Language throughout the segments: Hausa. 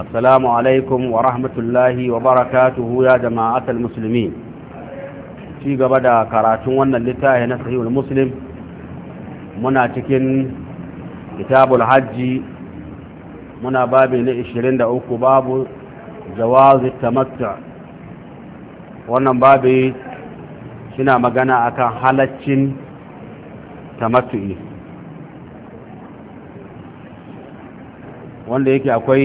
السلام عليكم ورحمة الله وبركاته يا جماعة المسلمين في قبدا كراتون لتاه نسعي المسلم مناتكين كتاب الحج منا بابي لإشرين دعوك باب جواز التمتع wannan babi suna magana akan halaccin tamattu'i wanda yake akwai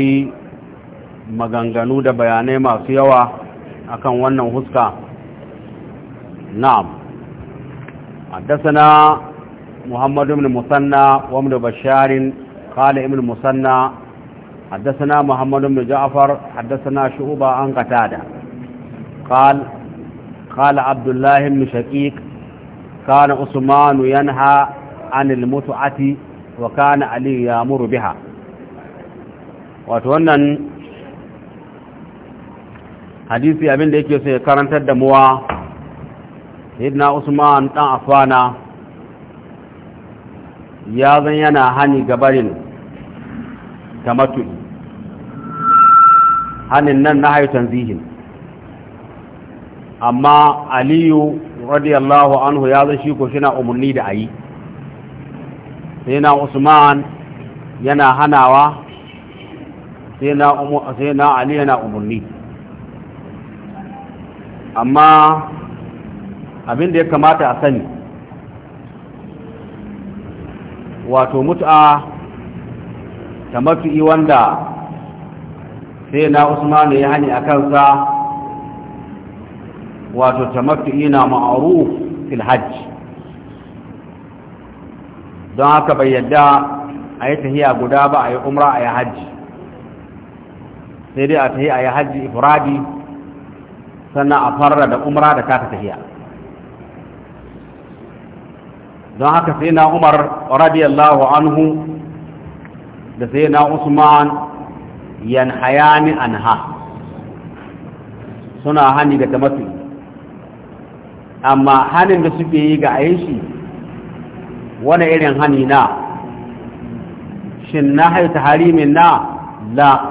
maganganu da bayanai masu yawa akan wannan huska na'am haddasana muhammad ibn musanna wa ibn basharin qala ibn musanna haddasana muhammad ibn ja'far haddasana shu'ba an qatada qal qala abdullah ibn shaqiq kana usman yanha an al-mut'ati wa kana ali ya'muru biha wato wannan hadisi abinda yake sai karantar da muwa idna Usman dan Afana ya zan yana hani gabarin tamatu hanin nan na hayu tanzihin amma Aliyu radiyallahu anhu ya zan shi ko shi na umarni da ayi sai na Usman yana hanawa sai na Aliyu yana umarni amma abin da ya kamata a sani wato mut'a ta mafi wanda sai na Usman ya hani a kansa wato ta mafi na ma'aruf fil don haka bai yadda a yi tahiya guda ba a yi umra a yi hajji sai dai a tahiya a yi hajji ifradi sannan a fara da umra da kata tahiya don haka sai na umar radiyallahu anhu da sai na usman yanhayani anha suna hani da tamattu amma hanin da suke yi ga aishi wani irin hani na shin na haita harimin na la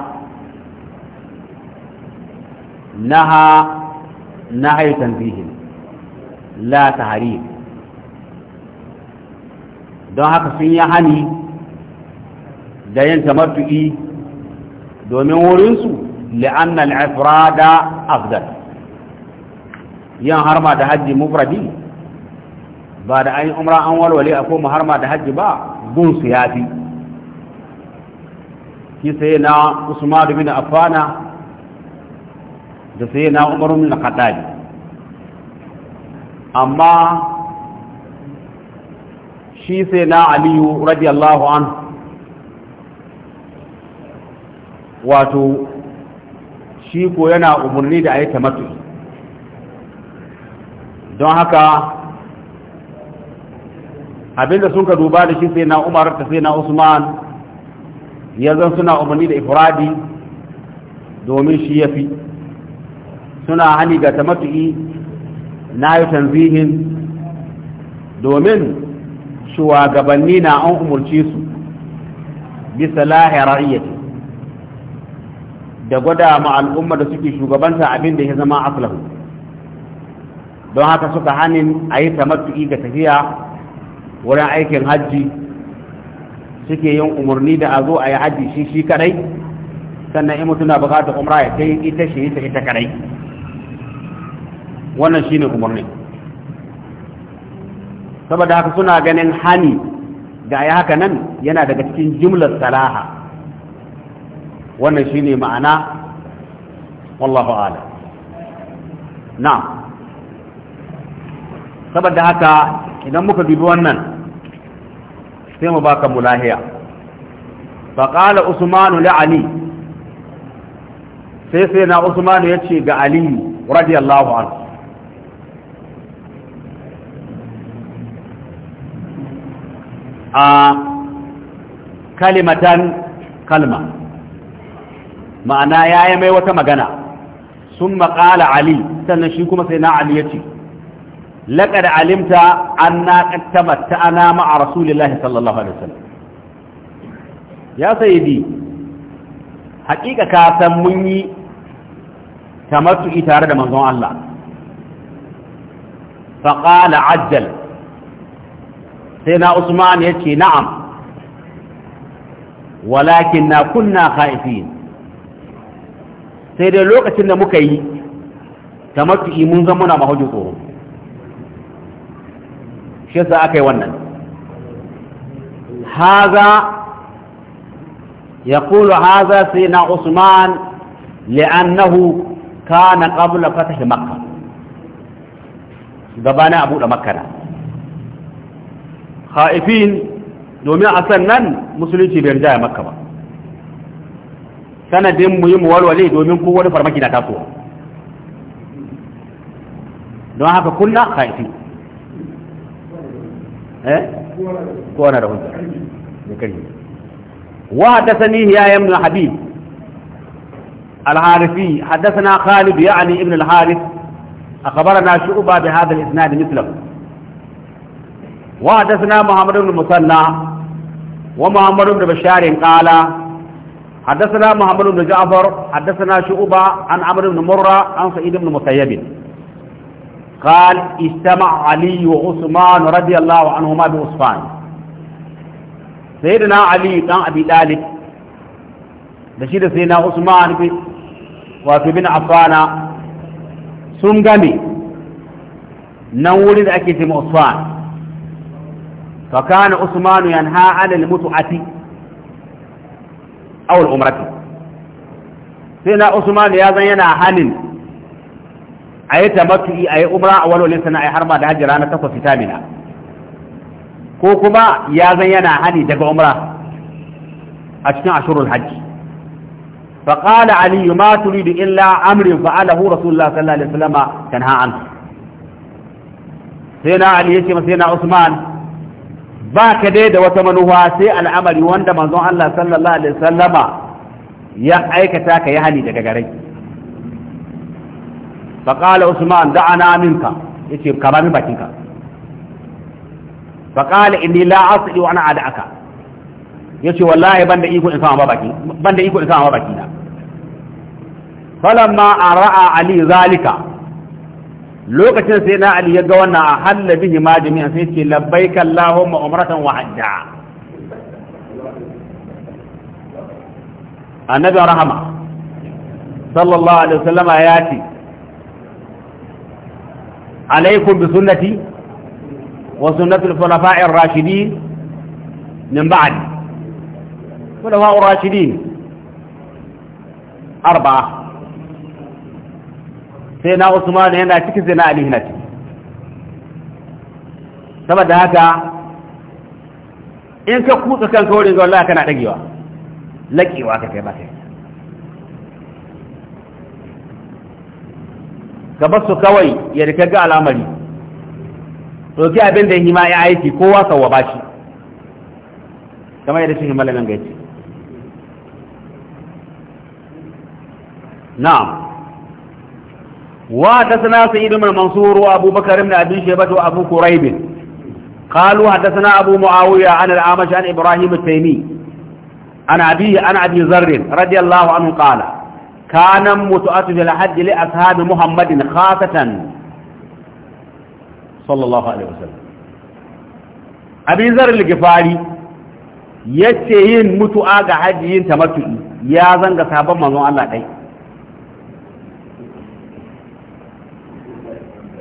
نهي تنزيه لا تحريف don haka sun yi hani da yin tamattu'i domin wurinsu la'annal ifrada afdal yin harma da hajji mufradi ba da an yi umra an walwale a koma harma da hajji ba su ya fi kisa na usman bin afana da sai na umar min al amma shi sai na aliyu radiyallahu an, wato shi ko yana umarni da a yi don haka abinda sun ka duba da shi sai na umar ta sai na usman yanzu suna umarni da ifradi domin shi ya fi suna hani ga tamatu'i na yi tanzihin domin shugabanni na an umarci su bisa lahi da gwada ma al'umma da suke shugabanta abin da ya zama aflahu don haka suka hannun a yi tamatu'i ga tafiya wurin aikin hajji suke yin umarni da a zo a yi hajji shi shi kadai sannan in mutum na bukatar umra ya kai ita shi ita kadai wannan shi ne umarni saboda haka suna ganin hani da ya haka nan yana daga cikin jimlar salaha wannan shi ne ma'ana wallahu ala na saboda haka idan muka dubi wannan sai mu baka mulahiya faƙala usmanu li ali sai sai na usmanu ya ce ga aliyu radiyallahu anhu a kalimatan kalma ma'ana ya yi mai wata magana sun maƙala ali sannan shi kuma sai na ali ya ce laƙar alimta an na ƙattama ta ana ma'a rasulillahi sallallahu alaihi wasallam ya sayi bi haƙiƙa ka san mun yi tamattu'i tare da manzon Allah faƙala ajjal sai na usman ya ce na'am walakin na kunna haifin sai dai lokacin da muka yi kamar matu'i mun zama na mahajin tsoro shi yasa aka yi wannan haza ya kulu haza sai na usman li'annahu kana qabla fatah makka gabanin abu da makka haifin domin a sannan musulunci bai rinjaya makka ba sanadin mu yi mu walwale domin ko wani farmaki na tasowa don haka kunna haifi eh ko ana da kai wa ya habib الحارثي حدثنا خالد يعني ابن الحارث أخبرنا شعبة بهذا الإسناد مثله وحدثنا محمد بن مسنى ومحمد بن بشار قال حدثنا محمد بن جعفر حدثنا شعبة عن عمرو بن مرة عن سعيد بن مسيب قال اجتمع علي وعثمان رضي الله عنهما بعثمان سيدنا علي بن أبي طالب بشير سيدنا عثمان وفي بن عفان سنغمي نولد أكيد عثمان فكان عثمان ينهى عن المتعه او العمره سيدنا عثمان يا زينا هنن اي تمتعي اي عمره او ولو لسنا اي حرمه ده هجره انا تكو فيتامينا ko kuma ya zayyana hani daga umra a cikin ashurul hajj fa qala ali ma illa amrin fa ala hu rasulullah sallallahu alaihi wasallam kan ha an sayna ali yace sayna usman ba ka dai da wata manuwa sai al'amari wanda manzon Allah sallallahu alaihi sallama ya aikata ka yi hali daga gare faƙala usman da'ana minka ya ce ka ba min bakinka faƙala inni la asli wa ana ada'aka ya ce wallahi ban da iko in sama baki banda iko in sama baki na falamma ara'a ali zalika lokacin sai na ali ya ga wannan a halla bihi ma jami'an sai ce labbaika allahumma umratan wa hajja annabi rahama sallallahu alaihi wasallam ya ce alaikum bi sunnati wa sunnati al-khulafa'ir rashidin min ba'di khulafa'ur rashidin arba'a sai na usman yana ciki sai na ali yana ciki saboda haka in ka kutsa kanka wurin ga wallahi kana dagewa laƙewa ka kai ba kai ka bar su kawai ya rika ga al'amari ɗauki abin da hima ya aiki kowa sauwa ba shi kamar yadda shi himala nan na'am وحدثنا سيد بن منصور وابو بكر بن ابي شيبه وابو كريب قالوا حدثنا ابو معاويه عن الاعمش عن ابراهيم التيمي عن ابي عن ابي ذر رضي الله عنه قال كان متؤت الحج لاصحاب محمد خاصه صلى الله عليه وسلم ابي ذر الغفاري yace yin حجين تمتعي يا yin tamattu ya الله sabon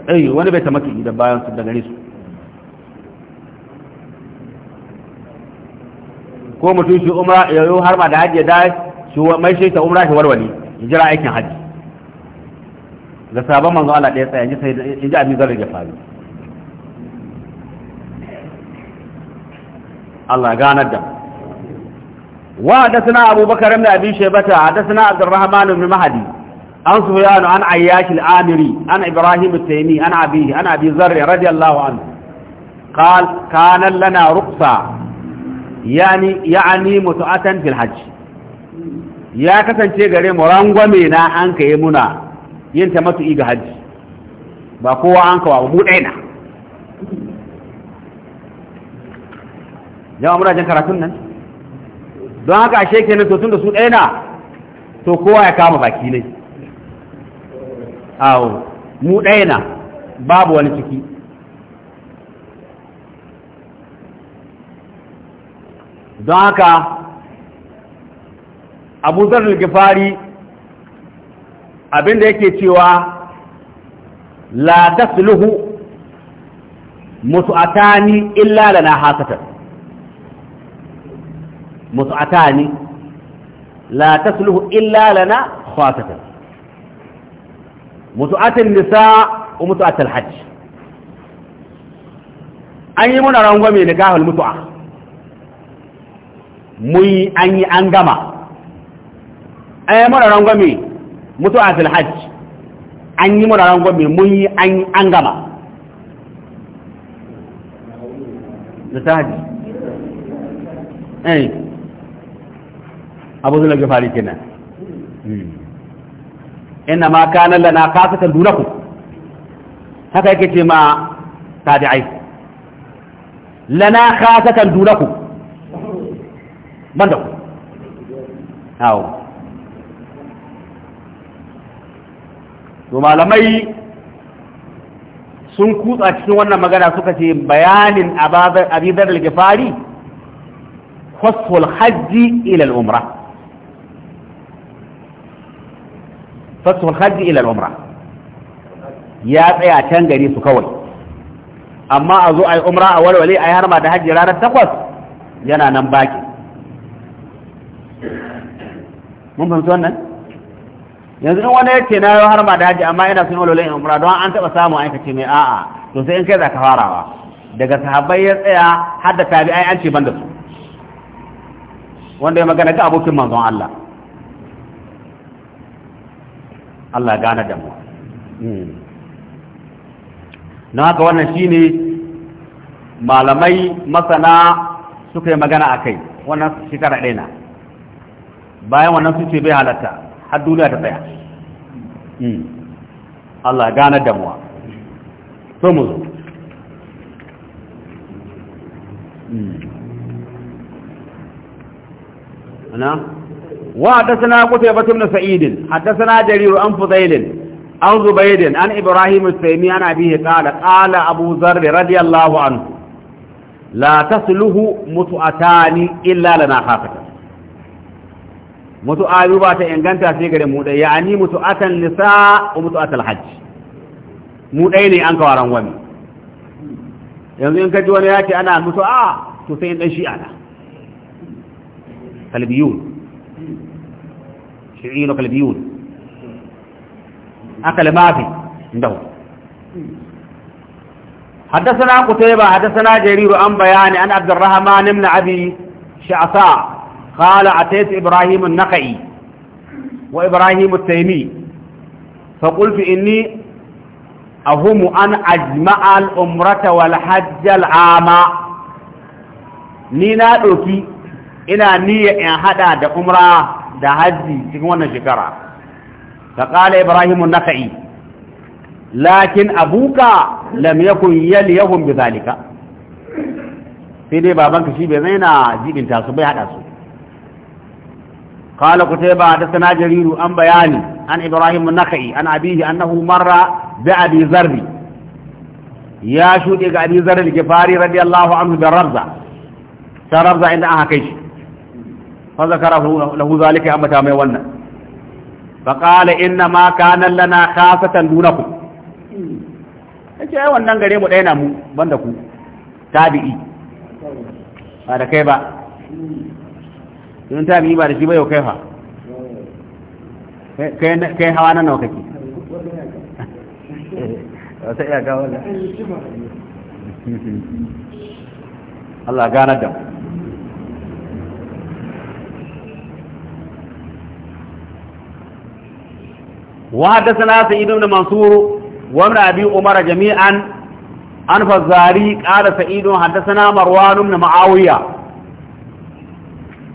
ai eh, wani bai tamaki da bayan su daga gare su ko mutum shi umra ya yi har ma da hajji da shi mai shi ta umra shi warware ya jira aikin hajji ga sabon manzo Allah ɗaya tsaya sai in ji abin zarar ya faru Allah ganar da wa da suna abubakar ibn abi shaybata da suna abdurrahman ibn mahdi an yano, an ayyash al-amiri an ibrahim al an abihi an abi zarr radiyallahu anhu قال كان لنا رخصة يعني يعني متعة hajji. Ya kasance gare mu rangwame na an kai muna yin ta matu'i ga hajji. ba kowa an kawo mu daina jama'a muna karatun nan don haka ashe kenan to da su daina to kowa ya kama baki ne awo mu ɗaya na babu wani ciki don haka abu zarar gifari abinda yake cewa la tasluhu musu'atani illa lana hasatan musu'atani la tasluhu illa lana khasatan mutu'atin nisa wa mutu'atul hajj an yi muna rangwame da gahul mutu'a mun an yi an gama an yi muna rangwame mutu’atil hajj an yi muna rangwame mun yi an gama da ta hajji eh abu zulal fari kenan hmm. inna ma kana lana khasatan dunaku, haka yake ce ma tabi'ai lana khasatan dunakum banda ku awo to malamai sun kutsa cikin wannan magana suka ce bayanin abidar al-gifari fasful hajji ila al-umrah فتح الحج إلى العمرة يا tsaya كان غري su kawai amma a zo a yi umra a walwale a yi harma da hajji ranar takwas yana nan mun fahimci wannan yanzu in wani yake na har ma da haji amma ina sun walwale in umra don an taɓa samu aikace mai a'a to sai in kai za ka farawa daga sahabbai ya tsaya har da tabi'ai an ce ban da su wanda ya magana ga abokin manzon Allah Allah gane da mu hmm. na haka wannan shine malamai masana suka yi magana a kai wannan shekara ɗaya na bayan wannan su ce bai halatta har duniya ta tsaya hmm. Allah gane da mu so mu zo hmm. ana وحدثنا قتيبة بن سعيد حدثنا جرير عن فضيل عن زبيد عن إبراهيم السيمي عن أبيه قال قال أبو ذر رضي الله عنه لا تسله متؤتان إلا لنا خافتان mutu'ayu ba ta inganta sai gare mu dai yani mutu'atan nisa wa mutu'atal mu ne an wani yanzu in ji wani ya ce ana mutu'a to sai in dan shi'a na talbiyun شعيرك البيون أكل ما في عندهم حدثنا قتيبة حدثنا جرير عن بيان أن عبد الرحمن بن أبي شعصاء قال أتيت إبراهيم النقعي وإبراهيم التيمي فقلت إني أهم أن أجمع الأمرة والحج العام نينا أوكي إنا نية إن حدا دا أمرا da hajji cikin wannan shekara ka ƙala ibrahim naka'i lakin abuka lam yakun yaliyahum bi zalika sai dai babanka shi bai zaina jibinta su bai hada su قال قتيبة حدثنا جرير an بياني annahu marra النخعي عن أبيه أنه مر بأبي ذر يا شودي أبي ذر الجفاري da rabza ta rabza inda عند أها shi. fa zakara lahu zalika ya ambata mai wannan fa qala inna ma kana lana khasatan dunakum yace ai wannan gare mu dai na mu banda ku tabi'i ba da kai ba in tabi'i ba da ba yau kai fa kai hawa nan nawa kake wata Allah ganar da وحدثنا سيد بن منصور وابن أبي عمر جميعا عن فزاري قال سعيد حدثنا مروان بن معاوية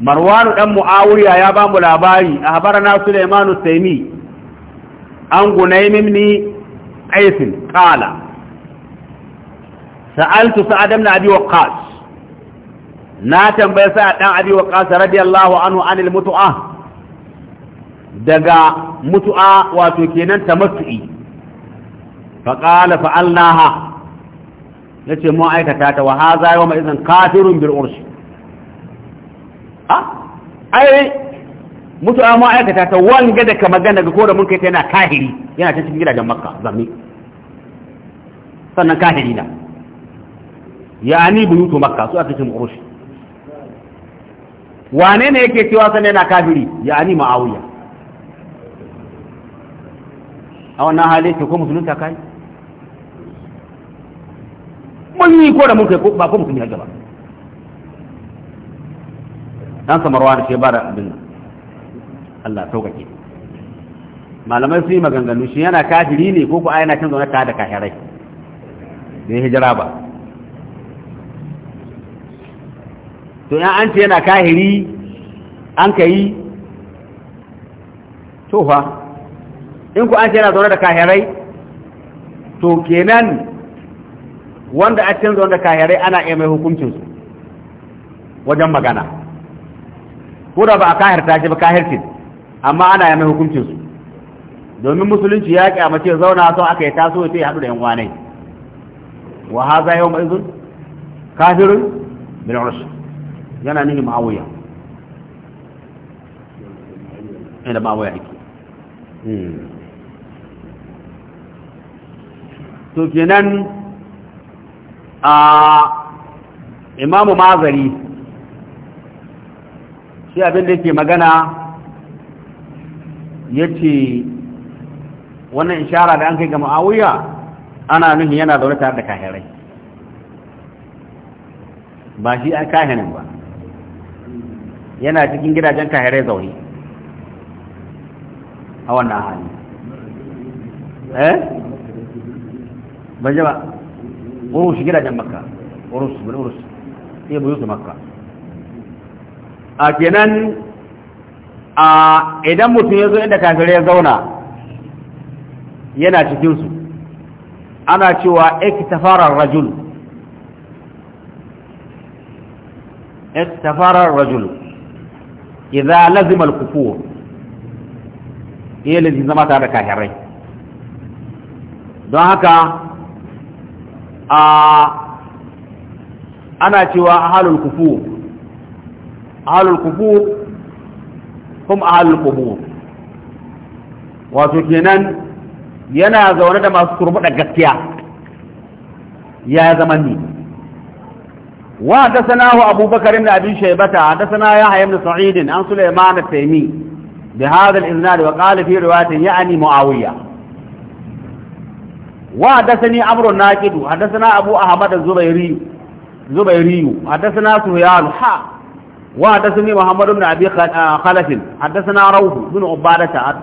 مروان بن معاوية يا بام الأباري أخبرنا سليمان التيمي عن غنيم بن قيس قال سألت سعد بن أبي وقاص ناتم بيسعد بن أبي وقاص رضي الله عنه عن المتعة daga mutu'a wato kenan tamattu'i fa allaha yace mu aikata ta wa hadha yawma idan kafirun bil ursh ah ai mutu'a mu aikata ta wanga da ka magana ga koda mun kai ta yana kahiri yana ta cikin gidajen makka zammi sannan kahiri na yani buyutu makka su aka cikin ursh wane ne yake cewa sannan yana kafiri yani ma'awiya a wannan hali ke ko musulunta kai mun yi ko da mun kai ba ko musulmi haka ba dan samarwa da ke ba da abin Allah sauƙaƙe malamai su yi maganganu shi yana kafiri ne ko ku yana can zaune tare da kahirai da ya hijira ba to ya an ce yana kahiri an ka yi tofa in ku an ce yana zaune da kahirai to kenan wanda a cikin zaune da kahirai ana iya mai hukuncinsu wajen magana ko da ba a kahirta shi ba kahircin amma ana iya mai hukuncinsu domin musulunci ya kyamace zauna son aka yi taso ya ce haɗu da yan wanai wa haza yau mai zun kafirin bin ursh yana nihin ma'awuya ina ma'awuya yake hmm. to kenan a imamu mazari shi abin da yake magana ya ce wannan ishara da an kai ga ma'awuyya ana nuhi yana zaune tare da kahirai ba shi a kahirin ba yana cikin gidajen kahirai zaune a wannan hali eh ban ji ba urush gidajen makka urush wani urush sai buyu makka a kenan a idan mutum ya zo inda kafirai ya zauna yana cikinsu ana cewa iktafarar rajul iktafarar rajul idza lazima al-kufur yayin da zama tare da kafirai don haka a ana cewa ahalul kufu ahalul kufu kuma ahalul kubu wato kenan yana zaune da masu da gaskiya ya zama ni wa hadathanahu Abu abin ibn Abi Shaybata ya Yahya da Sa'id an Sulaiman taimi da bi hadha al iznad wa qala fi riwayatin ya'ni Muawiya وحدثني عمرو الناقد حدثنا ابو احمد الزبيري زبيري حدثنا سهيان حا وحدثني محمد بن ابي خلف حدثنا روح بن عباده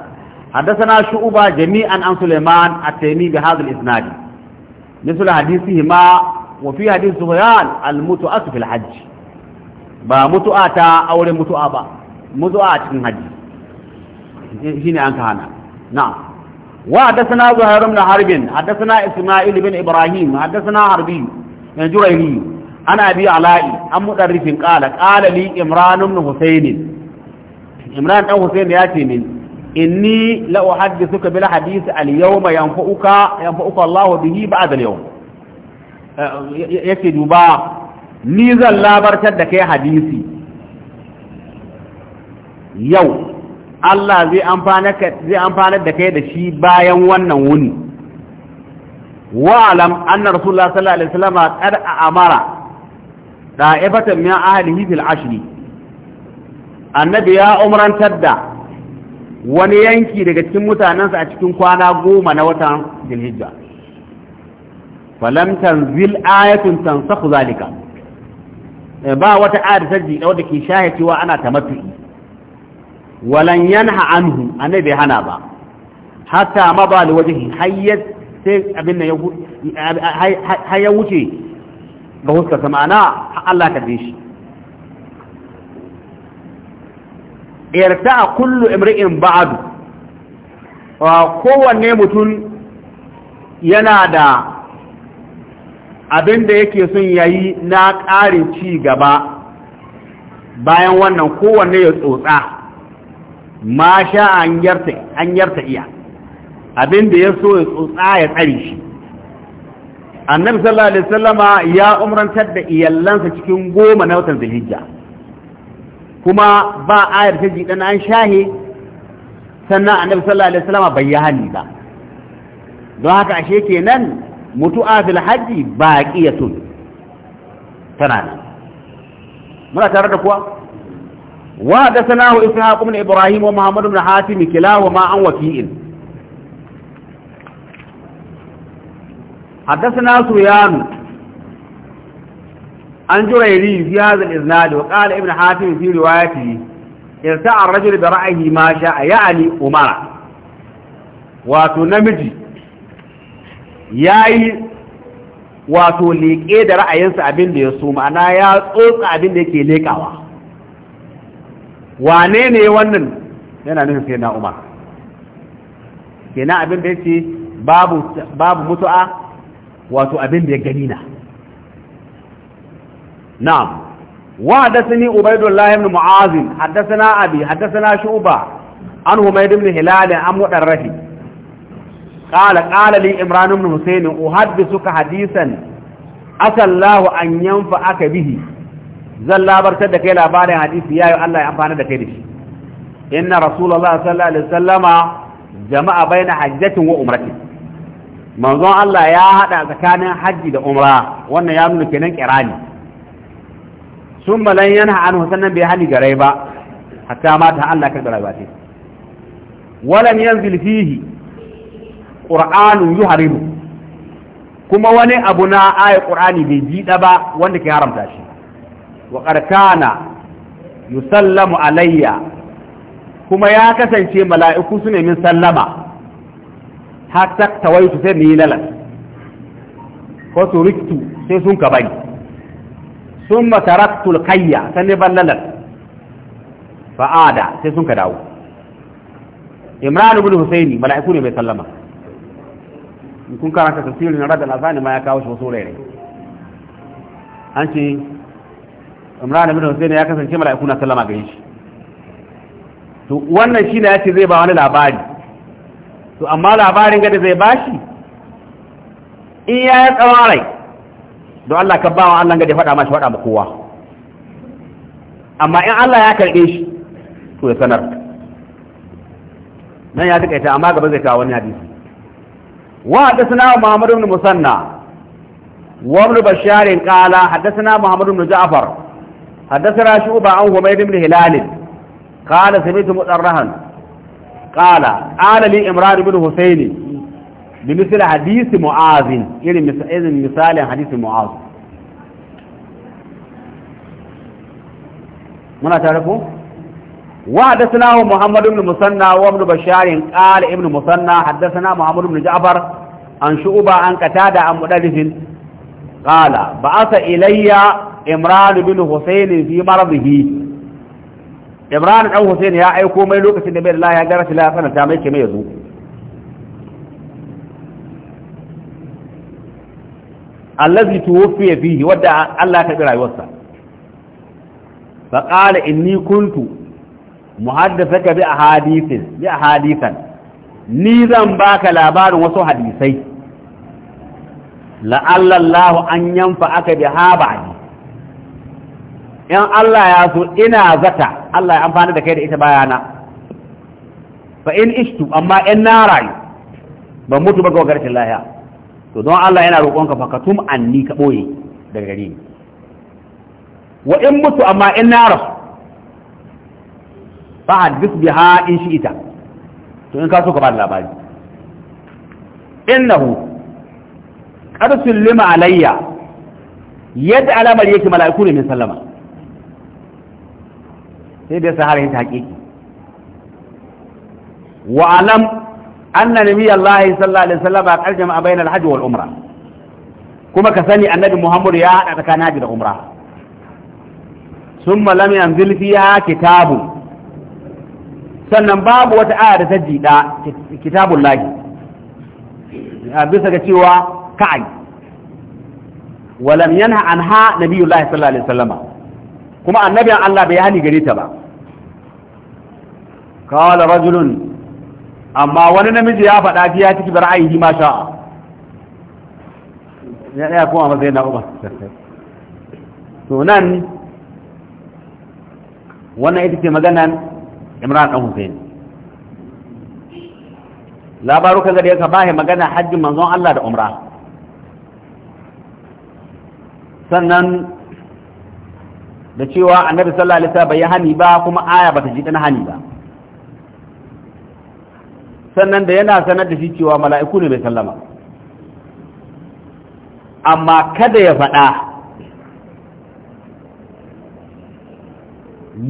حدثنا شعبه جميعا عن سليمان التيمي بهذا الاسناد مثل حديثهما وفي حديث سهيان المتؤس في الحج ba mutu'a ta aure mutu'a ba mutu'a cikin haji shine an ka hana na'am وحدثنا زهير بن حرب حدثنا إسماعيل بن إبراهيم حدثنا حربي جريري عن أبي علائي عن مدرس قال قال لي إمران بن حسين إمران بن حسين يأتي من إني لأحدثك بالحديث اليوم ينفؤك ينفؤك الله به بعد اليوم yake duba ni zan labartar da kai hadisi yau Allah zai amfanar da kai da shi bayan wannan wuni wa'alam an rasulullah sallallahu alaihi wasallam a amara da'ifatan min ahlihi fil ashri annabi ya umarantar da wani yanki daga cikin mutanensa a cikin kwana goma na watan dilhijja falam tanzil ayatun tansakhu zalika eh, ba wata ayar ta jida wadda ke shahe cewa ana ta tamattu'i walan yanha anhu annai bai hana ba hatta ma ba da wajen hayyar sai abin da ya wuce ga sama samana Allah ka bi shi irta kullu imri'in ba'du wa kowanne mutum yana da abin da yake son yayi na ƙarin ci gaba bayan wannan kowanne ya tsotsa ma sha an yarta iya abin da ya so ya tsotsa ya tsari shi annabi sallallahu alaihi wasallama ya umrantar da iyallansa cikin goma na watan zulhijja kuma ba ayar ta jiɗan an shahe sannan annabi sallallahu alaihi wasallama bai yi hali ba don haka ashe kenan mutu'a fil hajji baqiyatun tana nan muna tare da kuwa وحدثناه إسحاق بن إبراهيم ومحمد بن حاتم كلاهما عن وكيء حدثنا سويان عن جريري في هذا الإذناد وقال ابن حاتم في روايته ارتع الرجل برأيه ما شاء يعني أمرا وتنمجي yayi wato leke da ra'ayinsa abin da ya so ma'ana ya tsotsa abin da wane ne wannan yana nufin sai na umar na abin da yake babu babu mutu'a wato abin da ya gani na na'am wa hadathani ubaydullah ibn haddasa hadathana abi hadathana shuba an humayd ibn hilal an mudarrafi قال قال لي إمران بن حسين أحدثك حديثا أسأل الله أن ينفعك به zan labartar da kai labarin hadisi yayi Allah ya amfana da kai da shi inna rasulullahi sallallahu alaihi wasallama jama'a baina hajjatin wa umratin manzon Allah ya hada tsakanin haji da umra wannan ya nuna kenan kirani sun malan yana an sannan bai hali garai ba hatta mata Allah kan garai ba ce walan yanzil fihi qur'anun yuharibu kuma wani abu na ayat qur'ani bai jida ba wanda ke haramta shi waƙar kana yusallamu alayya kuma ya kasance mala’iku su nemi sallama hatta tawaitu sai mai lalar ko su riktu sai sun ka bani sun mataraktul kayya sai ne ban lalar fa’ada sai sun ka dawo imran ibn husaini mala’iku ne mai sallama in kun karanta tasirin na radar na zane ma ya kawo shi wasu rere an ce imran ibn husayn ya kasance mala'iku na sallama gare shi to wannan shine yace zai ba wani labari to amma labarin gari zai bashi in ya yi tsawarai don Allah ka bawa Allah ga da faɗa mashi faɗa ma kowa amma in Allah ya karɓe shi to ya sanar nan ya takaita amma gaba zai kawo wani hadisi wa Haddasa Muhammad Muhammadu Musanna wa ibn Bashar qala Haddasa Muhammad Muhammadu Ja'far حدثنا شعبة عن حميد بن هلال قال سمعت مؤرها قال قال لي إمران بن حسين بمثل حديث معاذ يعني, يعني مثال حديث معاذ منا تعرفوا وحدثناه محمد بن مسنى وابن بشار قال ابن مسنى حدثنا محمد بن جعفر عن شعبة عن قتادة عن مدلس قال بعث إلي عمران بن حسين في مرضه عمران بن حسين يا أيكو من لوكتي النبي الله يا غرس لا سنة تعمل كما يزو الذي توفي فيه ودع الله كبير يوسع فقال إني كنت محدثك بأحاديث بأحاديثا نيزا باك لابار وسو حديثي la'allallahu an yanfa aka bi haba ne in Allah ya so ina zata Allah ya amfani da kai da ita bayana fa in ishtu amma in na rayu ban mutu ba ga garcin lahiya to don Allah yana roƙonka fa katum anni ka ɓoye daga gari wa in mutu amma in na rasu fa bi ha in shi ita to in ka so ka ba labari innahu ƙarfin lima alayya yadda alamar yake mala'iku ne min sallama sai da sahara halayen ta haƙiƙi wa alam anna nabi Allah sallallahu alaihi wasallam ya karjama bayan alhaji wal umra kuma ka sani annabi Muhammad ya hada tsakanin haji da umra summa lam yanzil fiha kitabun sannan babu wata aya da ta jida kitabun lahi bisa ga cewa ka'ai walam yanha anha nabiyullahi sallallahu alaihi wasallam kuma annabiyan Allah bai hani gare ta ba qala rajulun amma wani namiji ya faɗa fiya ciki bar ayyi ma sha'a ya ya kuma mazai na uba to nan wannan ita ce maganan imran dan husain labaru kaga da yasa bahe magana hajjin manzon Allah da umrah sannan da cewa annabi sallallahu alaihi wasallam bai hani ba kuma aya bata ji dan hani ba sannan da yana sanar da shi cewa mala'iku ne bai sallama amma kada ya faɗa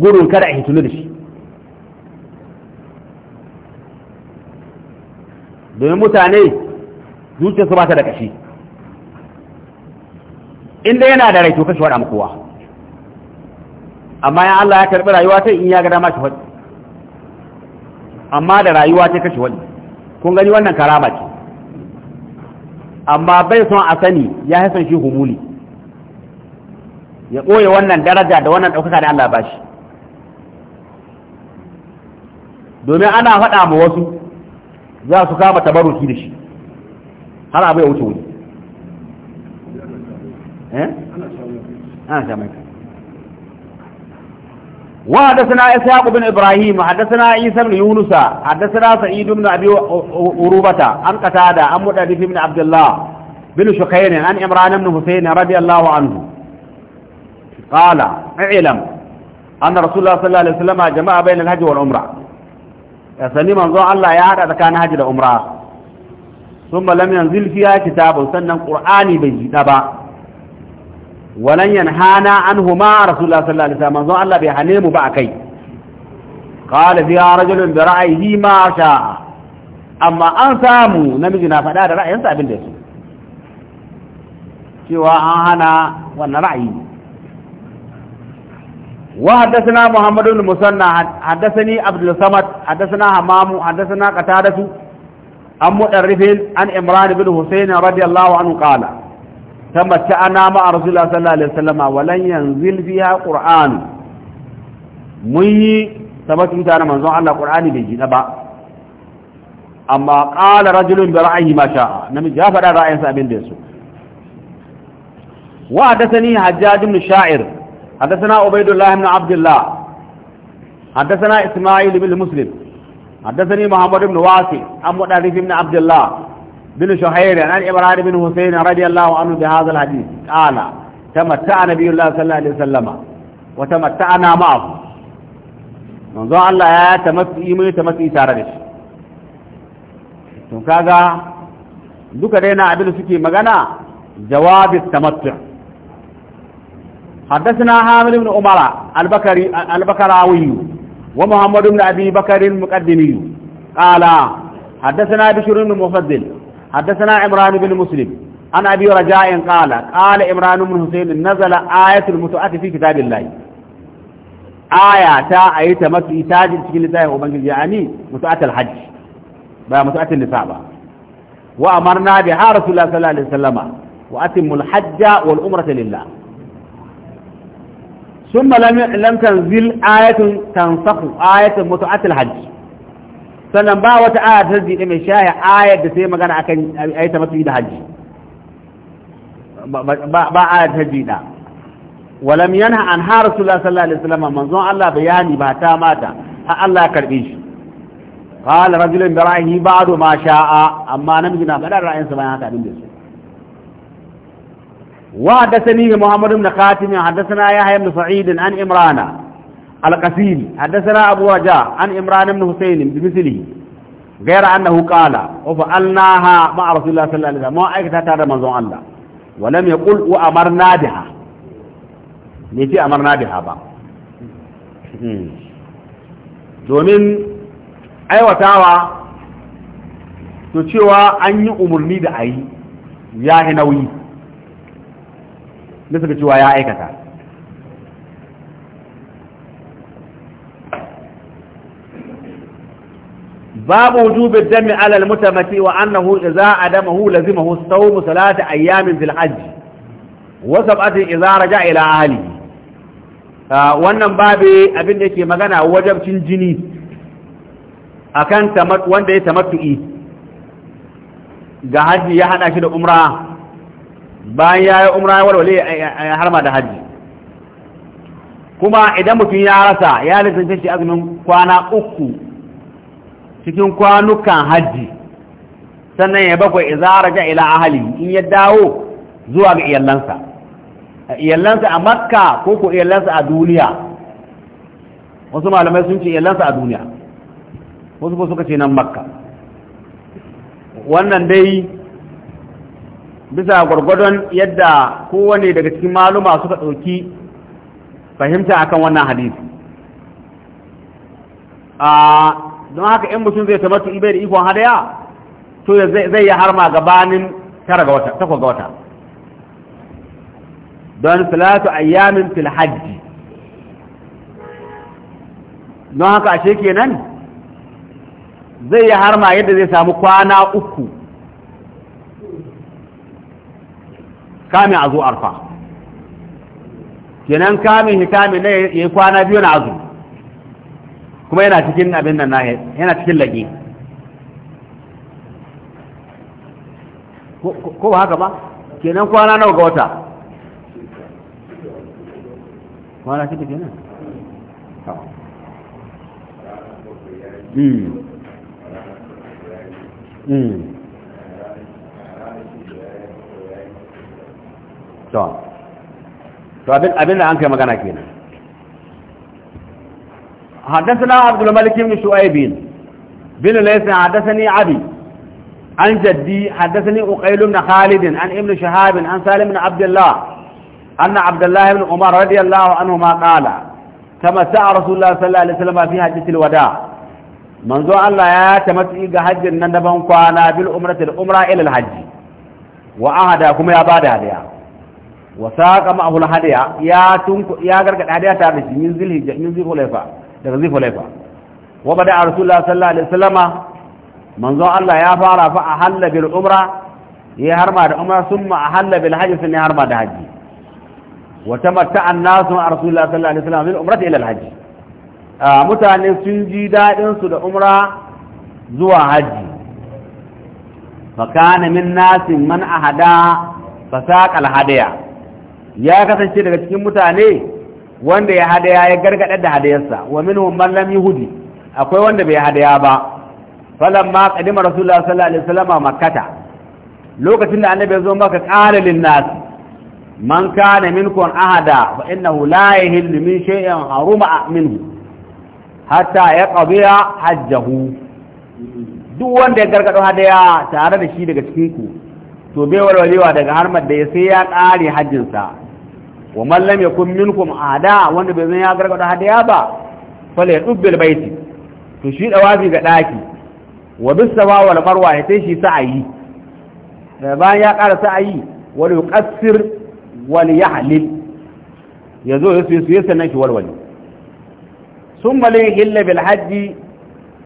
gurin kada a hitulu da shi domin mutane zuciyarsu ba ta da kashi inda yana da rai to kashi wada kowa amma ya Allah ya karbi rayuwa ta in ya ga dama shi wani amma da rayuwa ta kashi wani kun gani wannan karama ce amma bai son a sani ya hasan shi humuli ya ɓoye wannan daraja da wannan ɗaukaka da Allah ba shi domin ana faɗa ma wasu za su kama tabaruki da shi har abu ya wuce wuri eh ana sha mai وحدثنا إسحاق بن إبراهيم حدثنا عيسى بن يونس حدثنا سعيد بن أبي أروبة عن قتادة عن مؤلف بن عبد الله بن شقير عن عمران بن حسين رضي الله عنه قال اعلم أن رسول الله صلى الله عليه وسلم جمع بين الحج والعمرة يسلم منظور الله يا هذا كان حج العمرة ثم لم ينزل فيها كتاب سنن قرآني بجدبا walan yanhana anhuma rasulullah sallallahu alaihi wasallam manzo Allah bai hane mu ba akai qala fiha rajulun bi ra'yihi ma sha'a amma an samu namiji na faɗa da ra'ayinsa abin da su cewa an hana wannan ra'ayi Wa محمد بن مسنى حدثني عبد الصمد حدثنا حمام حدثنا قتادة عن مؤرف عن an بن حسين رضي الله anhu قال tamatta ana ma a sallallahu alaihi salama walan yanzil biha qur'an mun yi tabbatu ta na manzon Allah ƙur'ani bai ji ba amma qala rajulun da ra'ayi ma sha'a namiji ya faɗa ra'ayinsa abin da su. Wa حجاج بن شاعر حدثنا عبيد الله بن عبد الله حدثنا إسماعيل بن مسلم حدثني محمد بن واسع عن مدرف بن Abdullah. بن شهير عن إبراهيم بن حسين رضي الله عنه بهذا الحديث قال تمتع نبي الله صلى الله عليه وسلم وتمتعنا معه من منذ الله يا تمتعي من تمتعي تاردش ثم kaga duka dai عبد السكي مغانا جواب التمتع حدثنا حامد بن عمر البكري البكراوي ومحمد بن ابي بكر المقدمي قال حدثنا بشير بن مفضل حدثنا عمران بن مسلم عن أبي رجاء قال قال عمران بن حسين نزل آية المتعة في كتاب الله آية تا أي تمت إتاج تشكيل تايه وبنجل يعني متعة الحج متعة النساء وأمرنا بها رسول الله صلى الله عليه وسلم وأتم الحج والأمرة لله ثم لم لم تنزل آية تنسخ آية متعة الحج sannan ba wata aya ta jiɗe mai shaya ayar da sai magana akan ayi ta masu da hajji ba aya ta jiɗa walam yana an har rasulullah sallallahu alaihi wasallam manzon Allah bayani ba ta mata har Allah karbe shi qala rajulun bi ra'yi ba'du ma sha'a amma namiji na faɗa ra'ayin sa bayan haka abin da su wa hadathani Muhammad ibn Khatim hadathana Yahya ibn Sa'id an Imrana القسيم حدثنا أبو وجاء عن إمران بن حسين بمثله غير أنه قال وفعلناها مع رسول الله صلى الله عليه وسلم ما أكتها تارى منظوم الله ولم يقل وأمرنا بها ليتي أمرنا بها با domin aiwatawa to cewa an yi umarni da a yi ya yi nauyi da suka cewa ya aikata babu wujubi dami alal mutamati wa annahu idza adamahu lazimahu sawmu salati ayyamin fil hajj wa sab'ati idza raja wannan babe abin da yake magana wajabcin jini akan wanda ya tamattu'i ga haji ya hada shi da umra bayan ya yi umra ya walwale ya harma da haji kuma idan mutum ya rasa ya lissafi shi azumin kwana uku cikin kwanukan hajji sannan ya bakwai izara ja ila ahali in ya dawo zuwa ga iyalansa iyalansa a makka ko ko iyalansa a duniya wasu malamai sun ce iyalansa a duniya wasu ko suka ce nan makka wannan dai bisa gwargwadon yadda kowane daga cikin maluma suka ɗauki fahimta akan wannan hadisi a ah, don haka in mutum zai tabbatu ibai da ikon hadaya to zai yi harma gabanin tara ga wata takwa ga wata don salatu ayyamin fil hajji don haka ashe kenan zai yi harma yadda zai samu kwana uku kamin a zo arfa kenan kamin hikamin na ya yi kwana biyu na azumi kuma yana cikin abin nan nahi yana cikin lagi ko ba haka ba kenan kwana nawa ga wata kwana shida kenan Mm. Mm. to abin da an kai magana kenan حدثنا عبد الملك بن شعيب بن ليس حدثني عبي عن جدي حدثني أقيل بن خالد عن ابن شهاب عن سالم بن عبد الله أن عبد الله بن عمر رضي الله عنهما قال تمسع رسول الله صلى الله عليه وسلم في حجة الوداع منذ الله يا تمسعي حج النبا قانا بالأمرة الأمرة إلى الحج وأهداكم يا بعد هديا وساق معه الهديا يا تنك يا غرق الهديا تابس من ذي الهجة من ذي الخلفاء daga zai hulaifa wa bada a rasulullah sallallahu alaihi wasallama manzon Allah ya fara fa a halla bil umra ya harma da umra summa a halla bil hajji sun ya harma da hajji wa tamatta annasu a rasulullah sallallahu alaihi wasallam bil umrati ila al hajji mutane sun ji dadin su da umra zuwa hajji fa kana min nasin man ahada fa saqa al hadiya ya kasance daga cikin mutane wanda ya hadaya ya gargada da hadayarsa wa min man lam akwai wanda bai hadaya ba ma kadima rasulullah sallallahu alaihi wasallam makkata lokacin da annabi ya zo maka qala lin nas man kana minkum ahada fa innahu la yahillu min shay'in haruma minhu hatta yaqdiya hajjahu duk wanda ya gargado hadaya tare da shi daga cikin ku to bai walwalewa daga harmar da ya sai ya kare hajjinsa wa man lam yakun minkum ada wanda bai zan ya gargada ya ba fala yubbil baiti to shi da wafi ga daki wa bis sama wal marwa ya tashi shi sa'ayi da bayan ya ƙara sa'ayi wal yuqassir wal yahlil yazo yasu yasu nan shi walwali sun la yahilla bil hajji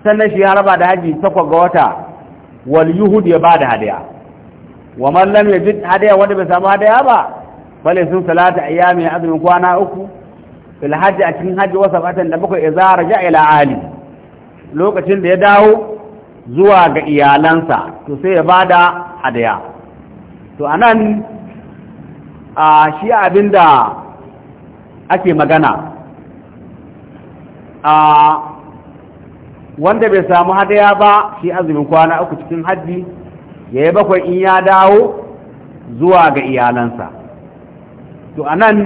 sannan shi ya raba da haji takwa ga wata wal yuhud ya bada hadiya wa man lam yajid hadiya wanda bai samu hadiya ba falai sun salata ayyami azumin kwana uku fil a cikin hajji wasa fatan da bakwai idza raja ila ali lokacin da ya dawo zuwa ga iyalansa to sai ya bada hadaya to anan a shi abinda ake magana a wanda bai samu hadaya ba shi azumin kwana uku cikin hajji ya yi bakwai in ya dawo zuwa ga iyalansa to anan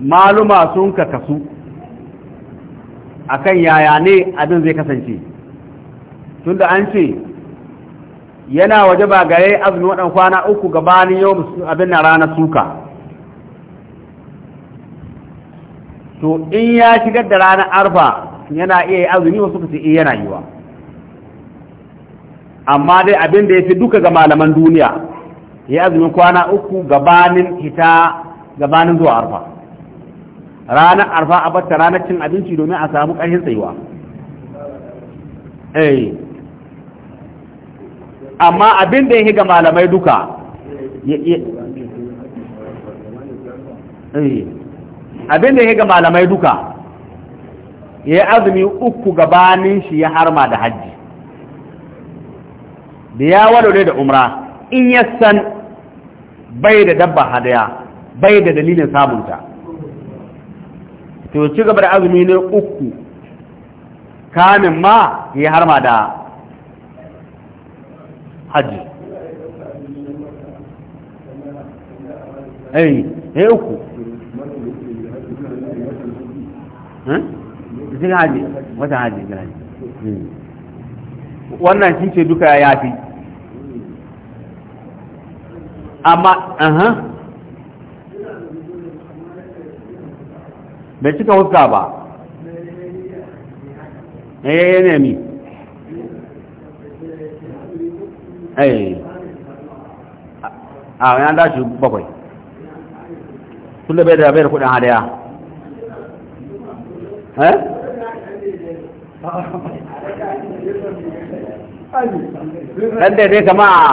maluma sun ka kasu akan yaya ne abin zai kasance tunda an ce yana waje ba gare azumi waɗan kwana uku gabanin yau abin na ranar suka to in ya shigar da ranar arfa yana iya yi azumi wasu ka ce iya eh, yana yiwa amma dai abin da ya fi duka ga malaman duniya ya azumin kwana uku gabanin ita gabanin zuwa arfa ranar arfa a batta ranar cin abinci domin a samu ƙarfin tsayuwa eh amma abin da ya ga malamai duka eh. abin da ya ga malamai duka ya yi azumi uku gabanin shi ya harma da hajji da ya walwale da umra in ya san bai da dabba hadaya bai da dalilin samunta to ci gaba da azumi ne uku kanin ma ya harma da hajji ai ya uku cikin hajji wata hajji hmm. wannan shi ce duka ya fi amma bai cika huska ba eh, ya ne mi eh a ya dashi bakwai kullum bai da bai da kudin hadaya eh dan daidai kama a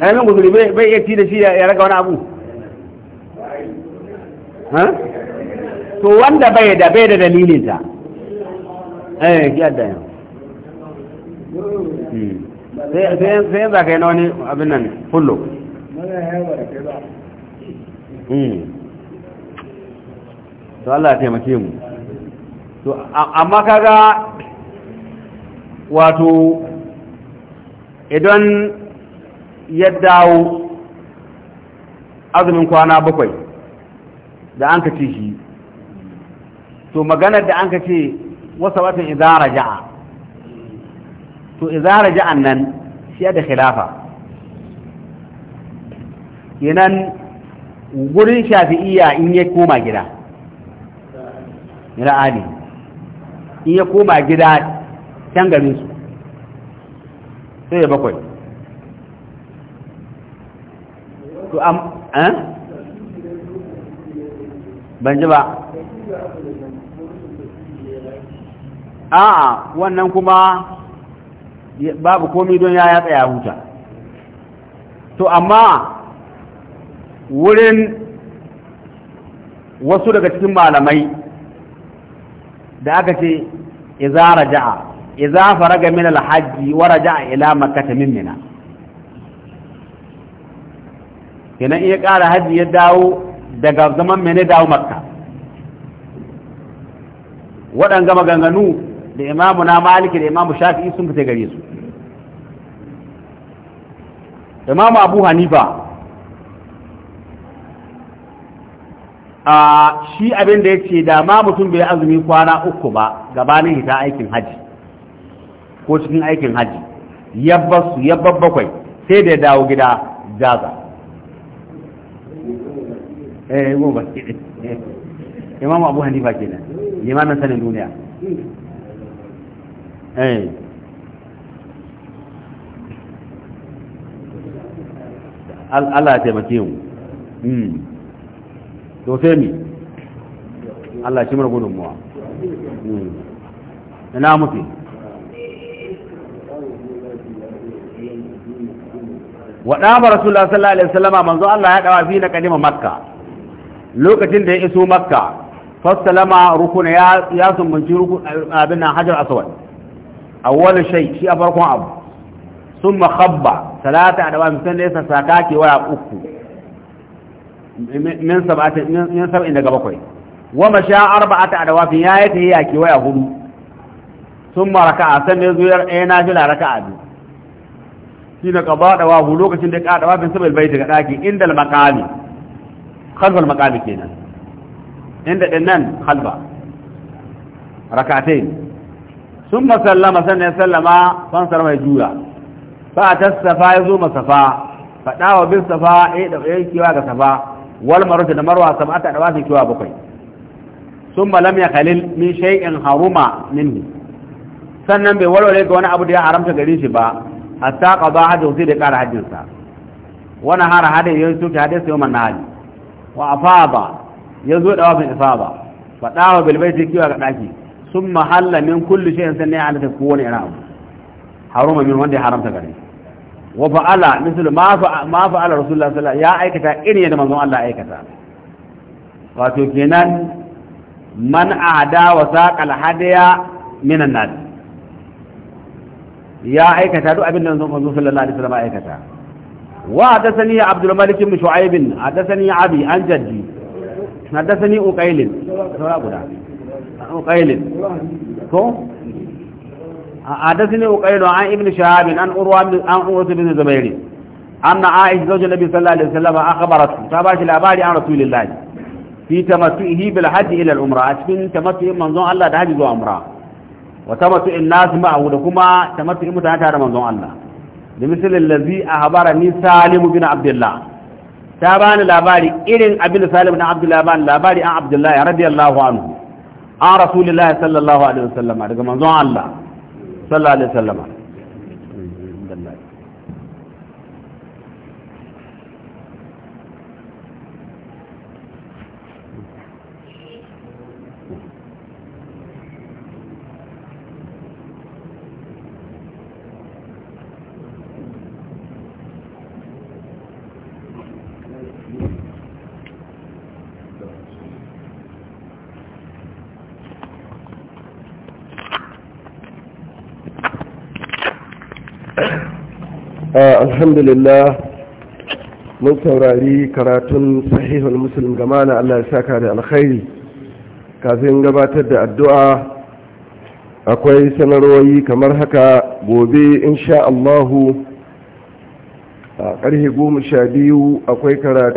eh, yamin guzuri bai iya da ya wani abu to wanda bai da bai da dalilinta eh yadda yau hmm. sai yin zaka yi na wani abin nan fullo hmm. to Allah taimake mu to amma kaga wato idan ya dawo azumin kwana bakwai da an ka ce shi to maganar da an ka ce wasa watan idara ja'a to idara ja'an nan shi da khilafa kenan gurin shafi'iyya in ya koma gida ra'ani in ya koma gida can su sai ya bakwai to am eh ban ji ba a'a wannan kuma babu komi don ya tsaya huta to amma wurin wasu daga cikin malamai da aka ce iza raja'a iza faraga min alhaji wa raja'a ila makkah min mina kenan iya ƙara hajji ya dawo daga zaman mene dawo makka waɗanga maganganu da imamu na maliki da imamu shafi'i sun fita gare su imamu abu hanifa a shi abin da ya ce da ma mutum bai azumi kwana uku ba gabanin hita aikin haji ko cikin aikin hajji, yabba su yabba bakwai sai da ya dawo gida jaza eh goma eh. imamu abu hanifa kenan limamin sanin duniya eh. Allah ya taimake mu hmm. to sai mi Allah shi mana gudunmuwa hmm. ina muke waɗa ba rasulullah sallallahu alaihi wasallama manzo Allah ya ɗawa fi na kalima makka lokacin da ya iso makka fassalama rukuna ya sumbanci abin nan hajar aswad wani shai shi a farkon abu sun khabba salata da wani sanne sa saka ke waya uku min saba'in daga bakwai wa masha wafin ya yi ta yi ke waya hudu summa raka'a na fi ɗaya nafila raka'a biyu na qada da wahu lokacin da ya qada wafin sabil bai ga ɗaki, inda makami. khalfal maqami kenan inda din nan khalfa rakatain summa sallama sannan sallama san sarma juya fa tasafa yazo masafa fada wa bin safa eh da eh kiwa ga safa wal marwa da marwa sab'ata da wasu bakwai haruma sannan bai warware ga wani abu da ya haramta gari shi ba hatta qada hajji sai da kara hajjinsa wani hara hada yayin suke hada sai man nahaji wa afada ya zo da wafin ifada faɗa wa bilbaiti kiwa ga ɗaki sun mahalla min kulli shayin sannan ya halatta kowane irin abu haruma min wanda ya haramta gare wa fa'ala misal ma fa'ala rasulullah sallallahu ya aikata irin yadda manzon Allah aikata wato kenan man aada wa saqal hadiya minan nas ya aikata duk abin da manzon sallallahu alaihi wasallam aikata وحدثني عبد الملك بن شعيب حدثني عبي عن جدي حدثني أقيل أقيل حدثني أقيل عن ابن شهاب عن أروى عن أروى بن زبير أن عائشة زوج النبي صلى الله عليه وسلم أخبرته تابعت الأبار عن رسول الله في تمتعه بالحج إلى العمرة أشبن تمتع من منظوم الله ده حج عمره وتمتع الناس معه لكما تمتع متعة من منظوم الله da misalin lazi a habara ni salimu bin abdullah ta bani labari irin abin da salimu na abdullah bani labari an abdullah radiyallahu anhu an rasulullah sallallahu alaihi wasallam daga manzon Allah sallallahu alaihi wasallam Uh, alhamdulillah mun saurari karatun sahihul muslim gama na Allah ya saka da alkhairi kafin gabatar da addu'a akwai sanarwoyi kamar haka gobe insha Allahu a ƙarfe goma sha biyu akwai karatu